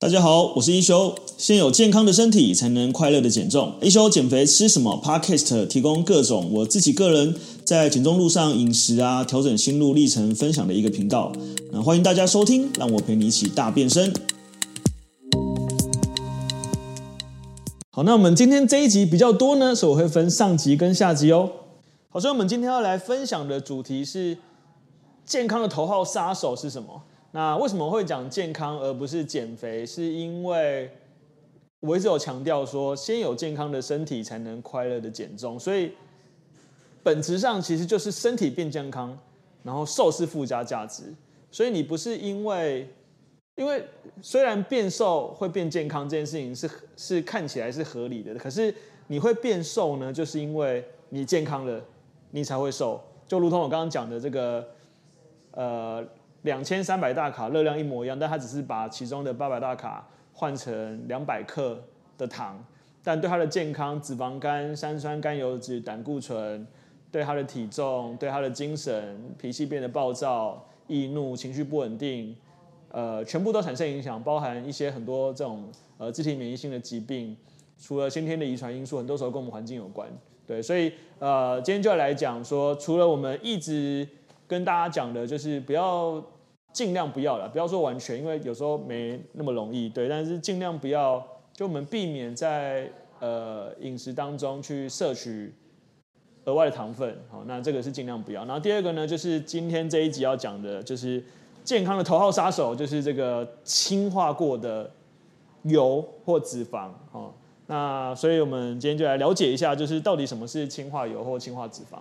大家好，我是一休。先有健康的身體，才能快樂的減重。一休減肥吃什麼？Podcast 提供各種我自己個人在減重路上飲食啊，調整心路歷程分享的一個頻道。那歡迎大家收聽，讓我陪你一起大變身。好，那我們今天這一集比較多呢，所以我會分上集跟下集哦。好，所以我們今天要來分享的主題是健康的頭號殺手是什麼？那為什麼我會講健康而不是減肥？是因為我一直有強調說，先有健康的身體，才能快樂的減重。所以本質上其實就是身體變健康，然後瘦是附加價值。所以你不是因為，因為雖然變瘦會變健康這件事情是是看起來是合理的，可是你會變瘦呢，就是因為你健康了，你才會瘦。就如同我剛剛講的這個，呃。兩千三百大卡熱量一模一樣，但它只是把其中的八百大卡換成兩百克的糖，但對它的健康、脂肪肝、三酸甘油脂、膽固醇，對它的體重、對它的精神、脾氣變得暴躁、易怒、情緒不穩定，呃，全部都產生影響，包含一些很多這種呃自體免疫性的疾病，除了先天的遺傳因素，很多時候跟我們環境有關，對，所以呃，今天就要來講說，除了我們一直跟大家講的就是不要。盡量不要了，不要說完全，因為有時候沒那麼容易，對。但是盡量不要，就我們避免在呃飲食當中去攝取額外的糖分。好，那這個是盡量不要。然後第二個呢，就是今天這一集要講的，就是健康的頭號殺手，就是這個氫化過的油或脂肪。好，那所以我們今天就來了解一下，就是到底什麼是氫化油或氫化脂肪。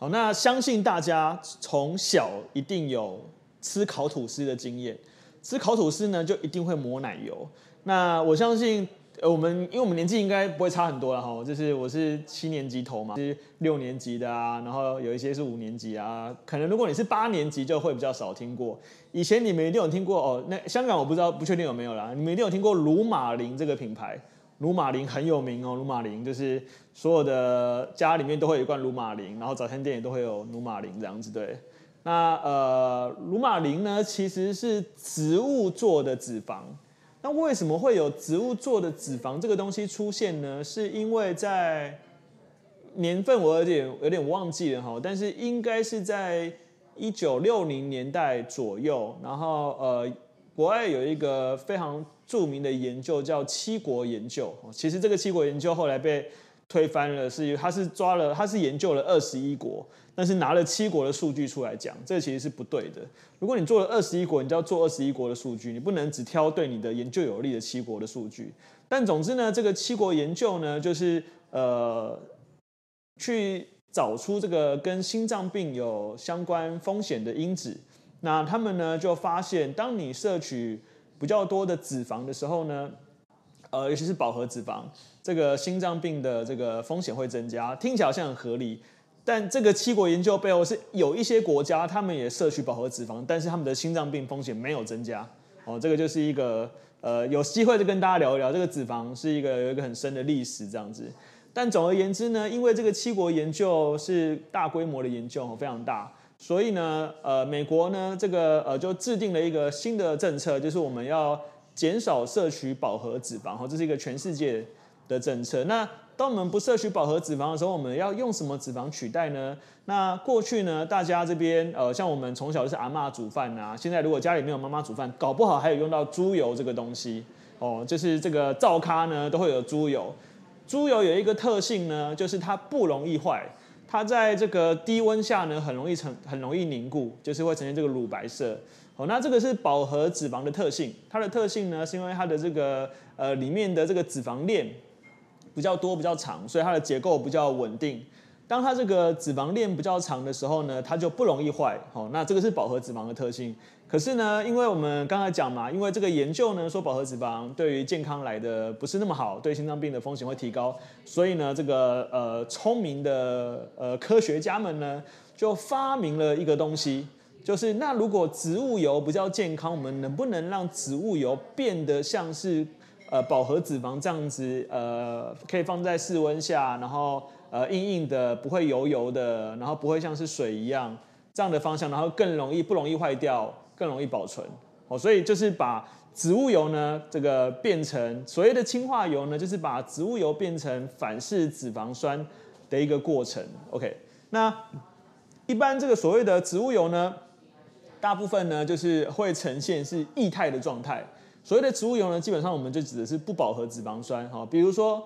好，那相信大家從小一定有。吃烤吐司的經驗，吃烤吐司呢就一定會抹奶油。那我相信，呃，我們因為我們年紀應該不會差很多了哈，就是我是七年級頭嘛，是六年級的啊，然後有一些是五年級啊，可能如果你是八年級就會比較少聽過。以前你們一定有聽過哦，那香港我不知道，不確定有沒有啦。你們一定有聽過乳瑪琳這個品牌，乳瑪琳很有名哦，乳瑪琳就是所有的家裡面都會有一罐乳瑪琳，然後早餐店也都會有乳瑪琳這樣子，對。那呃，乳瑪琳呢，其實是植物做的脂肪。那為什麼會有植物做的脂肪這個東西出現呢？是因為在年份我有點有點忘記了哈，但是應該是在一九六零年代左右。然後呃，國外有一個非常著名的研究叫七國研究。其實這個七國研究後來被推翻了，是因為他是抓了他是研究了二十一國。但是拿了七國的數據出來講，這其實是不對的。如果你做了二十一國，你就要做二十一國的數據，你不能只挑對你的研究有利的七國的數據。但總之呢，這個七國研究呢，就是呃，去找出這個跟心臟病有相關風險的因子。那他們呢，就發現當你攝取比較多的脂肪的時候呢，呃，尤其是飽和脂肪，這個心臟病的這個風險會增加。聽起來好像很合理。但這個七國研究背後是有一些國家，他們也攝取飽和脂肪，但是他們的心臟病風險沒有增加。哦，這個就是一個呃，有機會就跟大家聊一聊，這個脂肪是一個有一個很深的歷史這樣子。但總而言之呢，因為這個七國研究是大規模的研究，哦，非常大，所以呢，呃，美國呢這個呃就制定了一個新的政策，就是我們要減少攝取飽和脂肪。哈，哦，這是一個全世界的政策。那。當我們不攝取飽和脂肪的時候，我們要用什麼脂肪取代呢？那過去呢，大家這邊呃，像我們從小就是阿嬤煮飯啊。現在如果家裡沒有媽媽煮飯，搞不好還有用到豬油這個東西哦，就是這個灶咖呢都會有豬油。豬油有一個特性呢，就是它不容易壞，它在這個低溫下呢很容易成很容易凝固，就是會呈現這個乳白色。哦，那這個是飽和脂肪的特性，它的特性呢是因為它的這個呃裡面的這個脂肪鏈。比較多，比較長，所以它的結構比較穩定。當它這個脂肪鏈比較長的時候呢，它就不容易壞。好、哦，那這個是飽和脂肪的特性。可是呢，因為我們剛才講嘛，因為這個研究呢說飽和脂肪對於健康來的不是那麼好，對心臟病的風險會提高。所以呢，這個呃聰明的呃科學家們呢就發明了一個東西，就是那如果植物油比較健康，我們能不能讓植物油變得像是？呃，飽和脂肪這樣子，呃，可以放在室溫下，然後呃，硬硬的，不會油油的，然後不會像是水一樣這樣的方向，然後更容易不容易壞掉，更容易保存。哦，所以就是把植物油呢，這個變成所謂的氫化油呢，就是把植物油變成反式脂肪酸的一個過程。OK，那一般這個所謂的植物油呢，大部分呢就是會呈現是液態的狀態。所謂的植物油呢，基本上我們就指的是不飽和脂肪酸，哈，比如說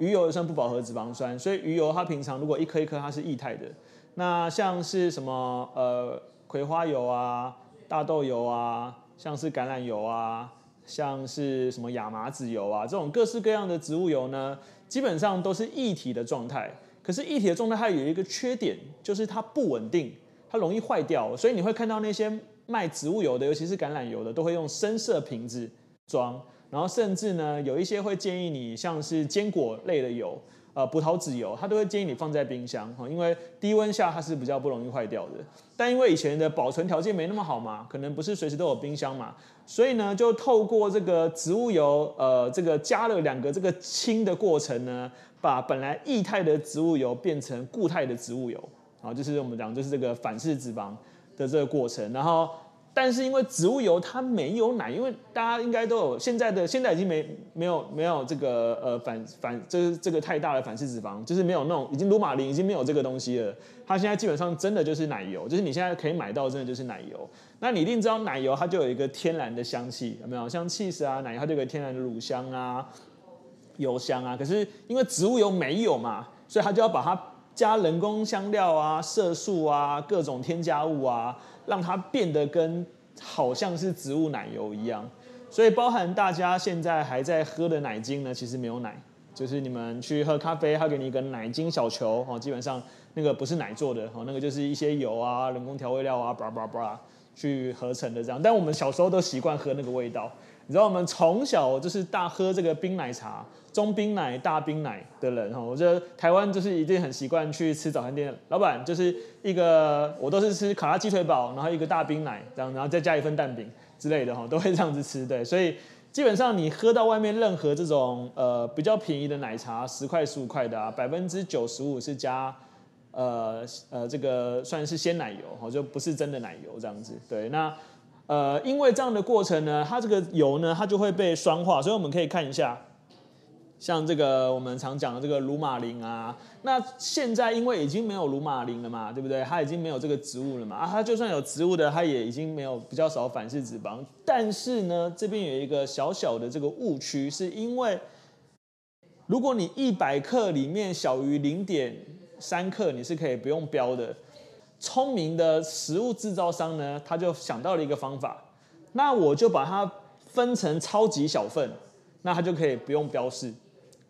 魚油也算不飽和脂肪酸，所以魚油它平常如果一顆一顆它是液態的，那像是什麼呃葵花油啊、大豆油啊、像是橄欖油啊、像是什麼亞麻籽油啊，這種各式各樣的植物油呢，基本上都是液體的狀態。可是液體的狀態它有一個缺點，就是它不穩定，它容易壞掉，所以你會看到那些。賣植物油的，尤其是橄欖油的，都會用深色瓶子裝。然後甚至呢，有一些會建議你，像是堅果類的油，呃，葡萄籽油，它都會建議你放在冰箱，哈，因為低溫下它是比較不容易壞掉的。但因為以前的保存條件沒那麼好嘛，可能不是隨時都有冰箱嘛，所以呢，就透過這個植物油，呃，這個加了兩個這個氫的過程呢，把本來液態的植物油變成固態的植物油，啊，就是我們講就是這個反式脂肪。的這個過程，然後，但是因為植物油它沒有奶，因為大家應該都有現在的現在已經沒沒有沒有這個呃反反就是這個太大的反式脂肪，就是沒有那種已經乳瑪琳已經沒有這個東西了。它現在基本上真的就是奶油，就是你現在可以買到的真的就是奶油。那你一定知道奶油它就有一個天然的香氣，有沒有？像 cheese 啊，奶油它就有個天然的乳香啊、油香啊。可是因為植物油沒有嘛，所以它就要把它。加人工香料啊、色素啊、各種添加物啊，讓它變得跟好像是植物奶油一樣。所以包含大家現在還在喝的奶精呢，其實沒有奶，就是你們去喝咖啡，他給你一個奶精小球哦，基本上那個不是奶做的，那個就是一些油啊、人工調味料啊、巴拉巴拉巴拉，去合成的這樣。但我們小時候都習慣喝那個味道，你知道我們從小就是大喝這個冰奶茶。中冰奶、大冰奶的人哈，我覺得台灣就是一定很習慣去吃早餐店老板，就是一個我都是吃卡拉雞腿堡，然後一個大冰奶這樣，然後再加一份蛋餅之類的哈，都會這樣子吃。對，所以基本上你喝到外面任何這種呃比較便宜的奶茶，十塊十五塊的啊，百分之九十五是加呃呃這個算是鮮奶油哈，就不是真的奶油這樣子。對，那呃因為這樣的過程呢，它這個油呢它就會被酸化，所以我們可以看一下。像這個我們常講的這個乳瑪琳啊，那現在因為已經沒有乳瑪琳了嘛，對不對？它已經沒有這個植物了嘛啊，它就算有植物的，它也已經沒有比較少反式脂肪。但是呢，這邊有一個小小的這個誤區，是因為如果你一百克裡面小於零點三克，你是可以不用標的。聰明的食物制造商呢，他就想到了一個方法，那我就把它分成超級小份，那它就可以不用標示。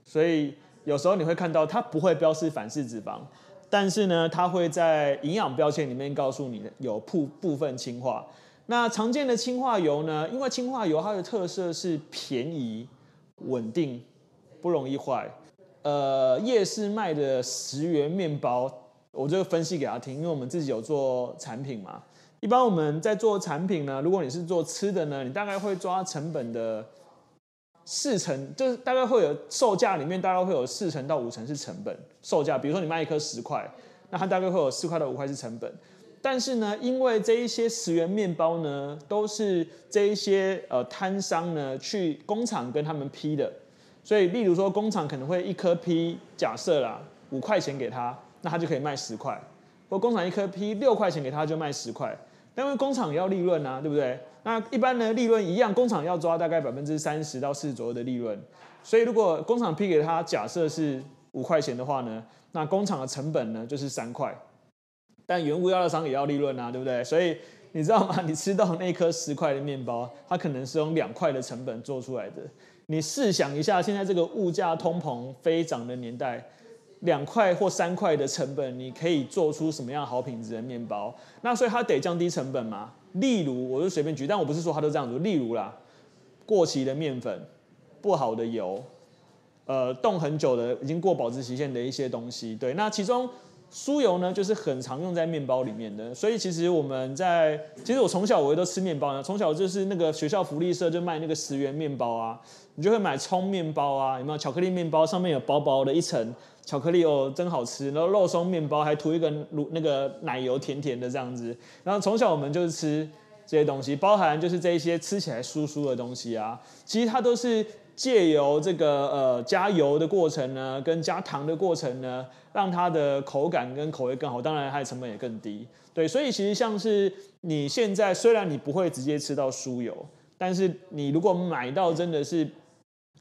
所以有時候你會看到它不會標示反式脂肪，但是呢，它會在營養標籤裡面告訴你有部部分氫化。那常見的氫化油呢？因為氫化油它的特色是便宜、穩定、不容易壞。呃，夜市賣的十元麵包，我就分析給他聽，因為我們自己有做產品嘛。一般我們在做產品呢，如果你是做吃的呢，你大概會抓成本的。四成，就是大概會有售價裡面大概會有四成到五成是成本。售價比如說你賣一顆十塊，那它大概會有四塊到五塊是成本。但是呢，因為這一些十元麵包呢，都是這一些呃攤商呢去工廠跟他們批的，所以例如說工廠可能會一顆批，假設啦五塊錢給他，那他就可以賣十塊。或工廠一顆批六塊錢給他，他就賣十塊，但是工廠也要利潤啊，對不對？那一般呢，利潤一樣，工廠要抓大概百分之三十到四十左右的利潤，所以如果工廠批給他，假設是五塊錢的話呢，那工廠的成本呢就是三塊，但原物料商也要利潤啊，對不對？所以你知道嗎？你吃到那顆十塊的面包，它可能是用兩塊的成本做出來的。你試想一下，現在這個物價通膨飛漲的年代，兩塊或三塊的成本，你可以做出什麼樣好品質的面包？那所以它得降低成本嘛？例如，我就隨便舉，但我不是說它都這樣子。例如啦，過期的麵粉，不好的油，呃，凍很久的、已經過保質期限的一些東西。對，那其中酥油呢，就是很常用在面包裡面的。所以其實我們在，其實我從小我也都吃面包呢，從小就是那個學校福利社就賣那個十元面包啊，你就會買蔥面包啊，有沒有巧克力麵包，上面有薄薄的一層。巧克力哦，真好吃！然後肉鬆麵包還塗一個乳那個奶油，甜甜的這樣子。然後從小我們就是吃這些東西，包含就是這一些吃起來酥酥的東西啊。其實它都是借由這個呃加油的過程呢，跟加糖的過程呢，讓它的口感跟口味更好。當然它的成本也更低。對，所以其實像是你現在雖然你不會直接吃到酥油，但是你如果買到真的是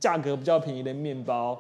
價格比較便宜的麵包。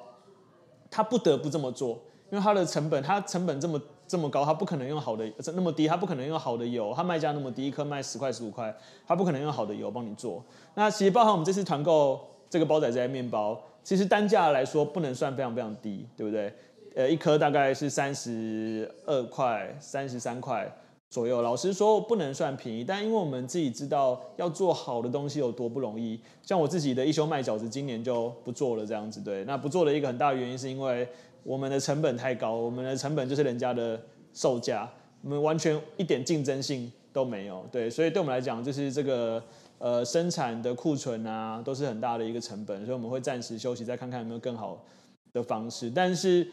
他不得不這麼做，因為他的成本，他成本這麼這麼高，他不可能用好的，這那麼低，他不可能用好的油。他賣價那麼低，一顆賣十塊十五塊，他不可能用好的油幫你做。那其實包含我們這次團購這個包仔仔面包，其實單價來說不能算非常非常低，對不對？呃，一顆大概是三十二塊，三十三塊。左右，老實說我不能算便宜，但因為我們自己知道要做好的東西有多不容易。像我自己的一休賣餃子，今年就不做了這樣子。對，那不做的一個很大的原因是因為我們的成本太高，我們的成本就是人家的售價，我們完全一點競爭性都沒有。對，所以對我們來講，就是這個呃生產的庫存啊，都是很大的一個成本，所以我們會暫時休息，再看看有沒有更好的方式。但是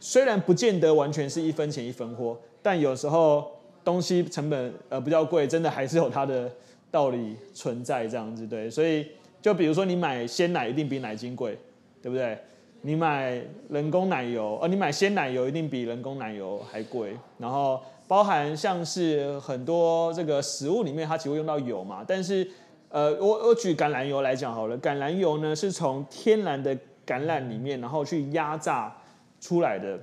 雖然不見得完全是一分錢一分貨，但有時候。東西成本呃比較貴，真的還是有它的道理存在這樣子。對，所以就比如說你買鮮奶一定比奶精貴，對不對？你買人工奶油，呃，你買鮮奶油一定比人工奶油還貴。然後包含像是很多這個食物裡面它只會用到油嘛，但是呃我我舉橄欖油來講好了，橄欖油呢是從天然的橄欖裡面然後去壓榨出來的。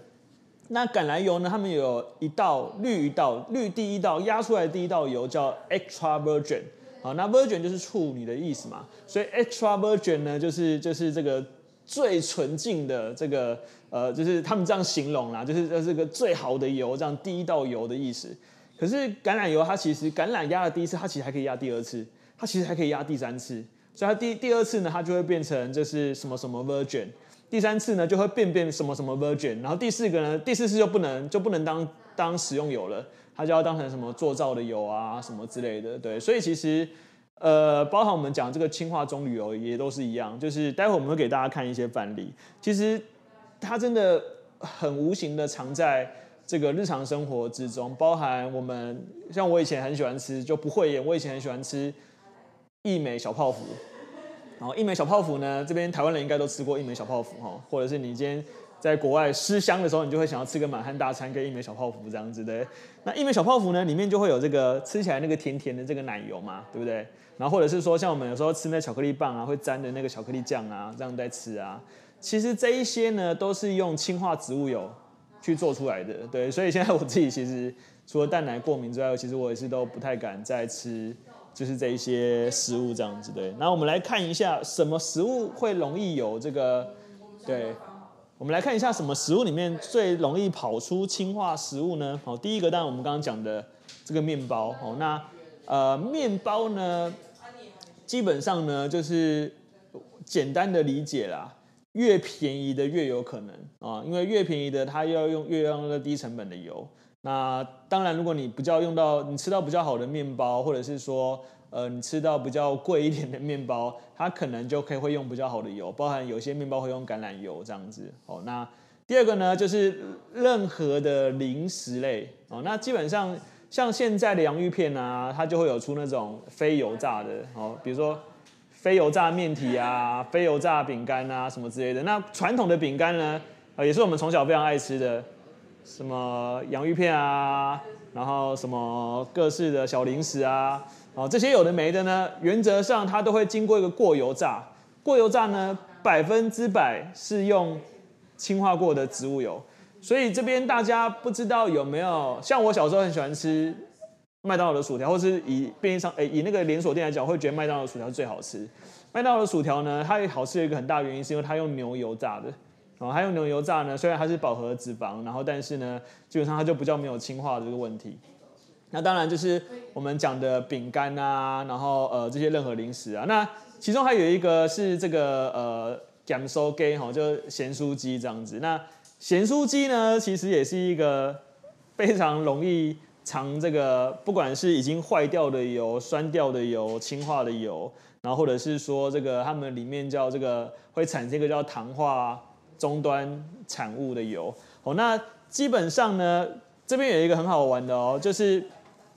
那橄欖油呢？他們有一道綠一道綠第一道壓出來的第一道油叫 extra virgin，好，那 virgin 就是處女的意思嘛，所以 extra virgin 呢就是就是這個最純淨的這個呃，就是他們這樣形容啦，就是呃這個最好的油這樣，第一道油的意思。可是橄欖油它其實橄欖壓了第一次，它其實還可以壓第二次，它其實還可以壓第三次，所以它第第二次呢，它就會變成就是什麼什麼 virgin。第三次呢就會變變什麼什麼 virgin，然後第四個呢，第四次就不能就不能當當食用油了，它就要當成什麼做皂的油啊什麼之類的，對，所以其實呃，包含我們講這個氫化棕櫚油也都是一樣，就是待會我們會給大家看一些範例，其實它真的很無形的藏在這個日常生活之中，包含我們像我以前很喜歡吃就不會也，我以前很喜歡吃義美小泡芙。然後，義美小泡芙呢，這邊台灣人應該都吃過義美小泡芙哈，或者是你今天在國外思鄉的時候，你就會想要吃個滿漢大餐跟義美小泡芙這樣子的，對，那義美小泡芙呢，裡面就會有這個吃起來那個甜甜的這個奶油嘛，對不對？然後或者是說，像我們有時候吃那個巧克力棒啊，會沾的那個巧克力醬啊，這樣在吃啊，其實這一些呢，都是用氫化植物油去做出來的，對。所以現在我自己其實除了蛋奶過敏之外，其實我也是都不太敢再吃，就是這一些食物這樣子對，那我們來看一下什麼食物會容易有這個，對，我們來看一下什麼食物裡面最容易跑出氫化食物呢？好，第一個當然我們剛剛講的這個麵包，哦，那呃麵包呢，基本上呢就是簡單的理解啦，越便宜的越有可能啊，呃，因為越便宜的它要用越要用那個低成本的油。啊、呃，當然，如果你比較用到，你吃到比較好的麵包，或者是說，呃，你吃到比較貴一點的麵包，它可能就可以會用比較好的油，包含有些麵包會用橄欖油這樣子。哦，那第二個呢，就是任何的零食類，哦，那基本上像現在的洋芋片啊，它就會有出那種非油炸的，哦，比如說非油炸麵體啊，非油炸餅乾啊，什麼之類的。那傳統的餅乾呢，呃，也是我們從小非常愛吃的。什麼洋芋片啊，然後什麼各式的小零食啊，好這些有的沒的呢，原則上它都會經過一個過油炸。過油炸呢，百分之百是用氫化過的植物油。所以這邊大家不知道有沒有，像我小時候很喜歡吃麥當勞的薯條，或是以便利商誒、欸，以那個連鎖店來講，會覺得麥當勞薯條最好吃。麥當勞薯條呢，它好吃的一個很大原因是因為它用牛油炸的。哦，還有牛油炸呢，雖然它是飽和脂肪，然後但是呢，基本上它就比較沒有氫化的這個問題。那當然就是我們講的餅乾啊，然後呃這些任何零食啊，那其中還有一個是這個呃鹹酥雞哈，就鹹酥雞這樣子。那鹹酥雞呢，其實也是一個非常容易藏這個，不管是已經壞掉的油、酸掉的油、氫化的油，然後或者是說這個它們裡面叫這個會產生一個叫糖化，終端產物的油哦，那基本上呢，這邊有一個很好玩的哦，就是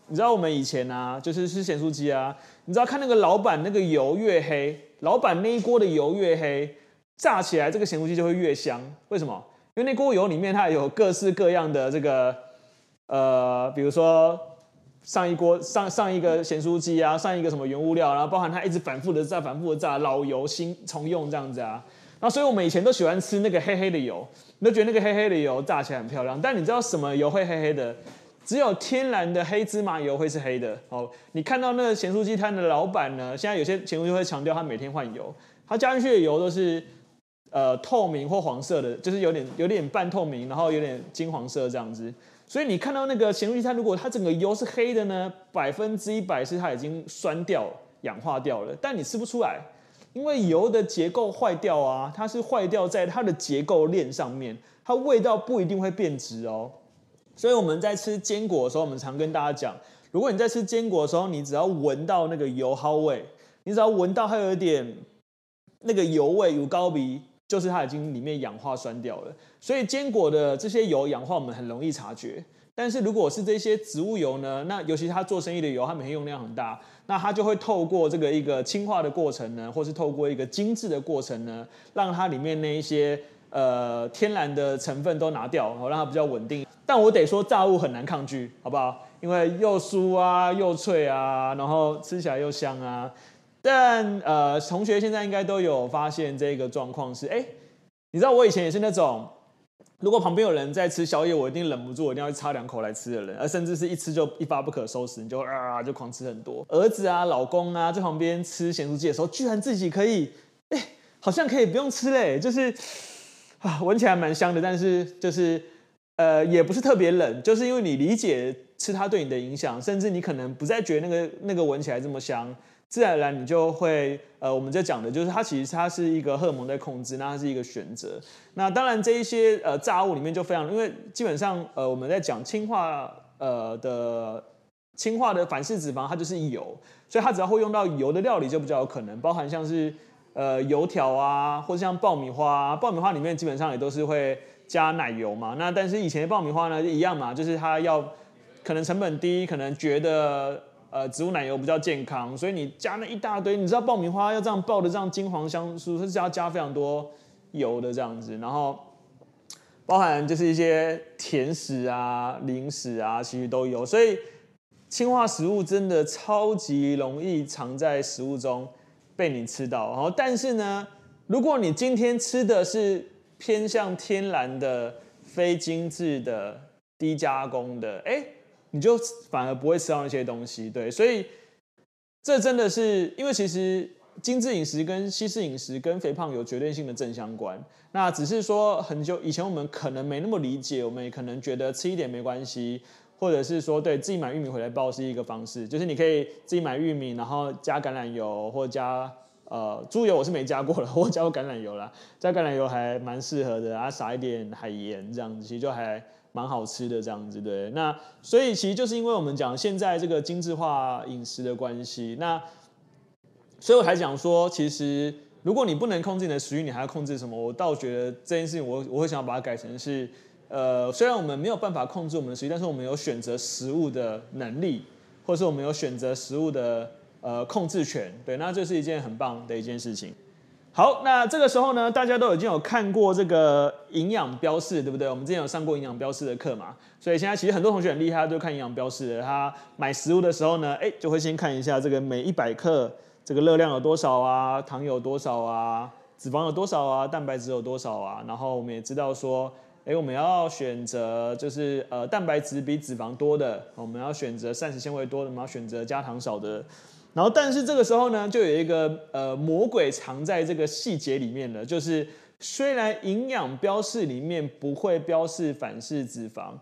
你知道我們以前啊，就是吃鹹酥雞啊，你知道看那個老闆那個油越黑，老闆那一鍋的油越黑，炸起來這個鹹酥雞就會越香。為什麼？因為那鍋油裡面它有各式各樣的這個呃，比如說上一鍋、上上一個鹹酥雞啊，上一個什麼原物料，然後包含它一直反覆的炸，反覆的炸，老油新重用這樣子啊。那所以我們以前都喜歡吃那個黑黑的油，你都覺得那個黑黑的油炸起來很漂亮。但你知道什麼油會黑黑的？只有天然的黑芝麻油會是黑的。哦，你看到那個鹹酥雞攤的老板呢？現在有些鹹酥雞攤就會強調他，每天換油，他加進去的油都是呃透明或黃色的，就是有點有點半透明，然後有點金黃色這樣子。所以你看到那個鹹酥雞攤，如果它整個油是黑的呢，百分之一百是它已經酸掉、氧化掉了，但你吃不出來。因為油的結構壞掉啊，它是壞掉在它的結構鏈上面，它味道不一定會變質哦、喔。所以我們在吃堅果的時候，我們常跟大家講，如果你在吃堅果的時候，你只要聞到那個油耗味，你只要聞到它有一點那個油味，有高鼻。就是它已經裡面氧化酸掉了，所以堅果的這些油氧化我們很容易察覺。但是如果是這些植物油呢，那尤其是他做生意的油，他每天用量很大，那他就會透過這個一個氫化的過程呢，或是透過一個精製的過程呢，讓它裡面那一些呃天然的成分都拿掉，然後讓它比較穩定。但我得說炸物很難抗拒，好不好？因為又酥啊，又脆啊，然後吃起來又香啊。但呃，同學現在應該都有發現這個狀況是，哎，你知道我以前也是那種，如果旁邊有人在吃宵夜，我一定忍不住，我一定要去插兩口來吃的人，而甚至是一吃就一發不可收拾，你就啊就狂吃很多。兒子啊，老公啊，在旁邊吃鹹酥雞的時候，居然自己可以，哎，好像可以不用吃嘞，就是啊，聞起來蠻香的，但是就是呃，也不是特別冷，就是因為你理解吃它對你的影響，甚至你可能不再覺得那個那個聞起來這麼香。自然而然，你就會呃，我們在講的就是它其實它是一個荷爾蒙在控制，那它是一個選擇。那當然，這一些呃炸物裡面就非常，因為基本上呃我們在講氫化呃的氫化的反式脂肪，它就是油，所以它只要會用到油的料理就比較有可能，包含像是呃油條啊，或者像爆米花啊，爆米花裡面基本上也都是會加奶油嘛。那但是以前的爆米花呢一樣嘛，就是它要可能成本低，可能覺得。呃，植物奶油比較健康，所以你加那一大堆，你知道爆米花要這樣爆的這樣金黃香酥，它是要加非常多油的這樣子，然後包含就是一些甜食啊、零食啊，其實都有，所以氫化食物真的超級容易藏在食物中被你吃到。然、哦、後，但是呢，如果你今天吃的是偏向天然的、非精緻的、低加工的，哎、欸。你就反而不會吃到那些東西，對，所以這真的是，因為其實精緻飲食跟西式飲食跟肥胖有絕對性的正相關。那只是說很久以前我們可能沒那麼理解，我們也可能覺得吃一點沒關係，或者是說，對自己買玉米回來爆是一個方式，就是你可以自己買玉米，然後加橄欖油或加呃豬油，我是沒加過了，我加過橄欖油啦。加橄欖油還蠻適合的，啊，然後撒一點海鹽這樣子，其實就還。蠻好吃的這樣子對，那所以其實就是因為我們講現在這個精緻化飲食的關係，那所以我還講說，其實如果你不能控制你的食慾，你還要控制什麼？我倒覺得這件事情我，我我會想要把它改成是，呃，雖然我們沒有辦法控制我們的食慾，但是我們有選擇食物的能力，或者是我們有選擇食物的呃控制權，對，那這是一件很棒的一件事情。好，那這個時候呢，大家都已經有看過這個營養標示，對不對？我們之前有上過營養標示的課嘛，所以現在其實很多同學很厲害，都看營養標示。他買食物的時候呢，欸、就會先看一下這個每一百克這個熱量有多少啊，糖有多少啊，脂肪有多少啊，蛋白質有多少啊。然後我們也知道說，哎、欸，我們要選擇就是呃蛋白質比脂肪多的，我們要選擇膳食纖維多的，我們要選擇加糖少的。然後，但是這個時候呢，就有一個呃魔鬼藏在這個細節裡面了，就是雖然營養標示裡面不會標示反式脂肪，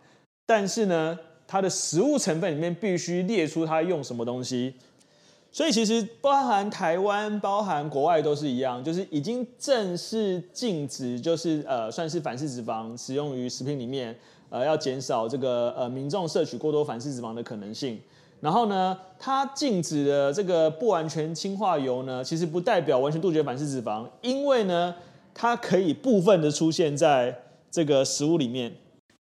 但是呢，它的食物成分裡面必須列出它用什麼東西。所以其實包含台灣、包含國外都是一樣，就是已經正式禁止，就是呃，算是反式脂肪使用於食品裡面，呃，要減少這個呃民眾攝取過多反式脂肪的可能性。然後呢，它禁止的這個不完全氫化油呢，其實不代表完全杜絕反式脂肪，因為呢，它可以部分的出現在這個食物裡面。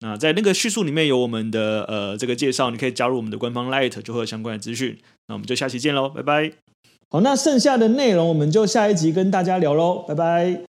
那在那個敘述裡面有我們的呃，這個介紹，你可以加入我們的官方 LINE，就會有相關的資訊。那我們就下期見嘍，拜拜。好，那剩下的內容我們就下一集跟大家聊嘍，拜拜。